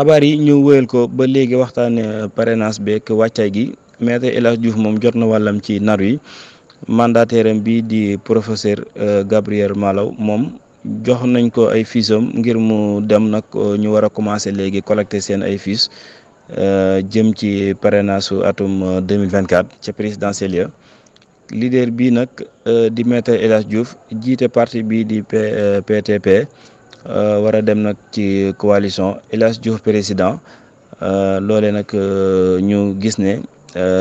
xabaar yi ñu wëyal ko ba léegi waxtaanee euh, parrainage beeg wàccaay gi maître El Hadj moom jot na wàllam ci nar yi mandataire am bii di professeur euh, Gabriel Malaw moom jox nañ ko ay fiisam ngir mu dem nag euh, ñu war a commencé léegi collecter seen ay fiches jëm ci parrainage su atum 2024 ca présidentielle ya leader bi nag di maître El Hadj Diouf jiite parti bii di PTP. Euh, war a dem nag ci coalition El Hadj Diouf président euh, loole nag euh, ñu gis ne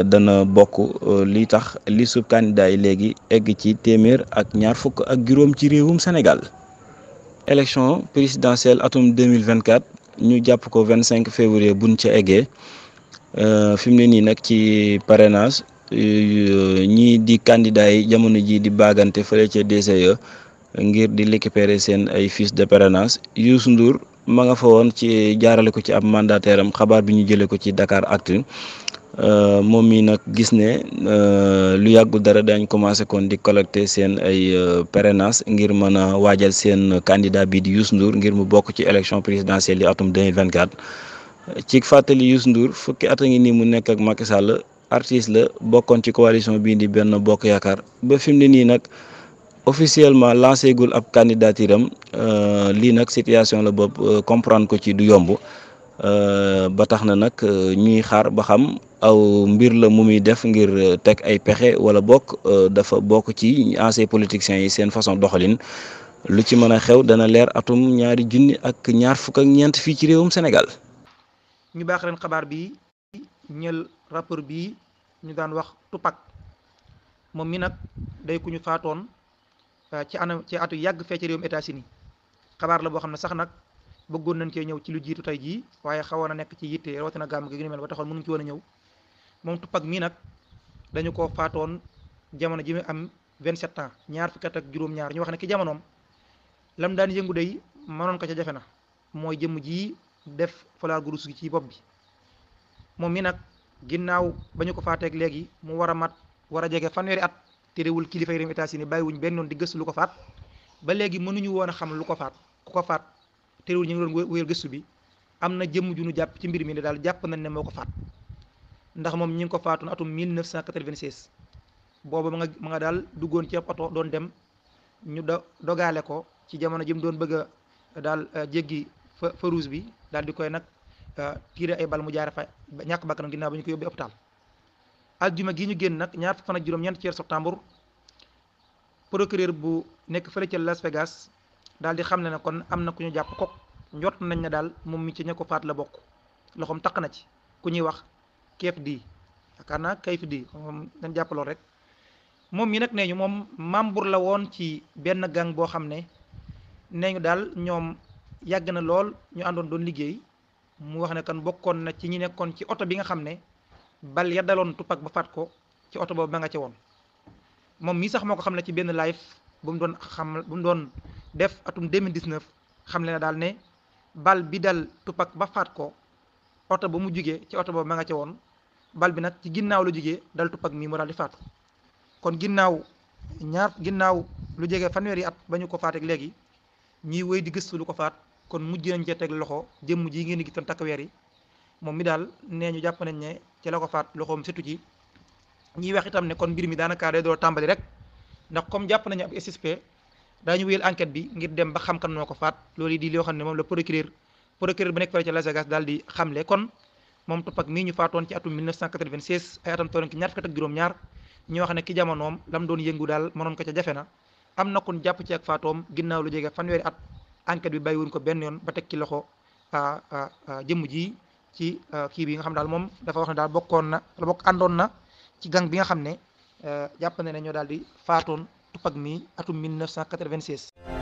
dana bokk li tax li sub candidat léegi egg ci téeméer ak ñaar fukk ak juróom ci réewum Sénégal élection présidentielle atum 2024 ñu jàpp ko 25 février buñ ca eggee fi mu ne nii nag ci parrainage ñii di candidat yi jamono ji di baagante fële ca DCE ngir di récupérer seen ay fiches de parrainage Youssou nduur ma nga fa woon ci jaarale ko ci ab mandataire am xabaar bi ñu jëlee ko ci dakaar Dakaractu euh, moom mi nag gis ne euh, lu yàggu dara dañ commencé kon di collecter seen ay euh, parrainage ngir mën a waajal seen candidat bii di Youssou Ndour ngir mu bokk ci élection présidentielle yi atum 2024 ci fàttali Youssou nduur fukki at a ngi nii mu nekk ak Macky Sall artiste la bokkoon ci coalition bii di benn bokk yaakaar ba fi mu nii nag. officiellement lancé ab candidature am euh, lii nag situation la boobu euh, comprendre ko ci du yomb euh, ba tax na nag ñuy xaar ba xam aw mbir la mu muy def ngir teg ay pexe wala bokk dafa bokk ci ancien politiciens yi seen façon doxalin lu ci mën a xew dana leer atum ñaari junni ak ñaar fukk ak ñeent fii ci réewum Sénégal. ñu baax leen xabaar bi ñeel rappeur bi ñu daan wax Tupac moom mi nag day ku ñu faatoon. Euh, ci anam ci atu yàgg fee ci réewum États-Unis xabaar la boo xam ne sax nag bëggoon nañ cee ñëw ci lu jiitu tey jii waaye xawoon a nekk ci yitte rawatina gàmm gi gi ni mel ba taxoon mënuñ ci woon a ñëw moom Tupac mii nag dañu ko faatoon jamono ji mu am 27 ans ñaar fukki at ak juróom-ñaar ñu wax ne ki jamonoom lam daan yëngu day mënoon ko ca jafe na mooy jëm ji def falaar gurus gi ci bopp bi moom mi nag ginnaaw ba ñu ko faateeg léegi mu war a mat war a jege fanweeri at terewul kilifay réew États-Unis bàyyiwuñ benn noon di gëstu lu ko faat ba léegi mënuñu woon a xam lu ko faat ku ko faat terewul ñu ngi doon wéer gëstu bi am na jëmm ju nu jàpp ci mbir mi ne daal jàpp nañ ne moo ko faat ndax moom ñi ngi ko faatoon atum 1996 booba ma nga ma nga daal duggoon ci ab doon dem ñu do dogaale ko ci jamono ji doon bëgg a daal euh, jéggi fa faruus bi daal di koy nag euh, tiire ay bal mu jaare fa ñàkk bakkanam ginnaaw ba ñu ko yóbbu hôpital aljuma gi ñu génn nag ñaar fukk fan ak juróom ñeent ci septembre procureur bu nekk fële ca Las Vegas daal di xam ne na kon am na ku ñu jàpp kok njot nañ ne daal moom mi ci ña ko faat la bokk loxoom takk na ci ku ñuy wax keef di yaakaar naa kayif di moom dañ rek moom mi nag nee ñu moom membre la woon ci benn gang boo xam ne nee ñu daal ñoom yàgg na lool ñu àndoon doon liggéey mu wax ne kan bokkoon na ci ñi nekkoon ci oto bi nga xam ne bal ya daloon Tupac ba faat ko ci oto boobu ma nga cee woon moom mii sax moo ko xam ne ci benn live bu mu doon xam bu mu doon def atum 2019 xam le ne daal ne bal bi dal Tupac ba faat ko oto ba mu jugee ci oto boobu ma nga cee woon bal bi nag ci ginnaaw lu jugee dal Tupac mii mu daal di faatu kon ginnaaw ñaar ginnaaw lu jege fanweeri at ba ñu ko faateeg léegi ñuy wéy di gëstu lu ko faat kon mujj nañ cee teg loxo jëmm ji ngeen di gisoon takk weer yi moom mi daal nee ñu jàpp nañ ne ci la ko faat loxoom setu ci ñiy wax itam ne kon mbir mi daanaka day doo tambali rek ndax comme jàpp nañu ab SSP daañu wéyal enquête bi ngir dem ba xam kan noo ko faat loolu di loo xam ne moom la procureur procureur bu nekk fële ca daal di xamle kon moom ñu faatoon ci atum 1996 ay atam tolloon ci ñaar fukk ak juróom-ñaar ñu ne ki jamonoom lam doon yëngu daal mënoon ko ca jafe na am na kon jàpp ci ak faatoom ginnaaw lu jege fanweeri at enquête bi bàyyiwuñ ko benn yoon ba teg ci loxo ah, ah, ah, jëmm ji ci euh, kii bi nga xam daal moom dafa wax ne daal bokkoon na wala bokk àndoon na ci gang bi nga xam ne euh, jàpp ne ne ñoo daal di faatoon Tupac mi atum 1996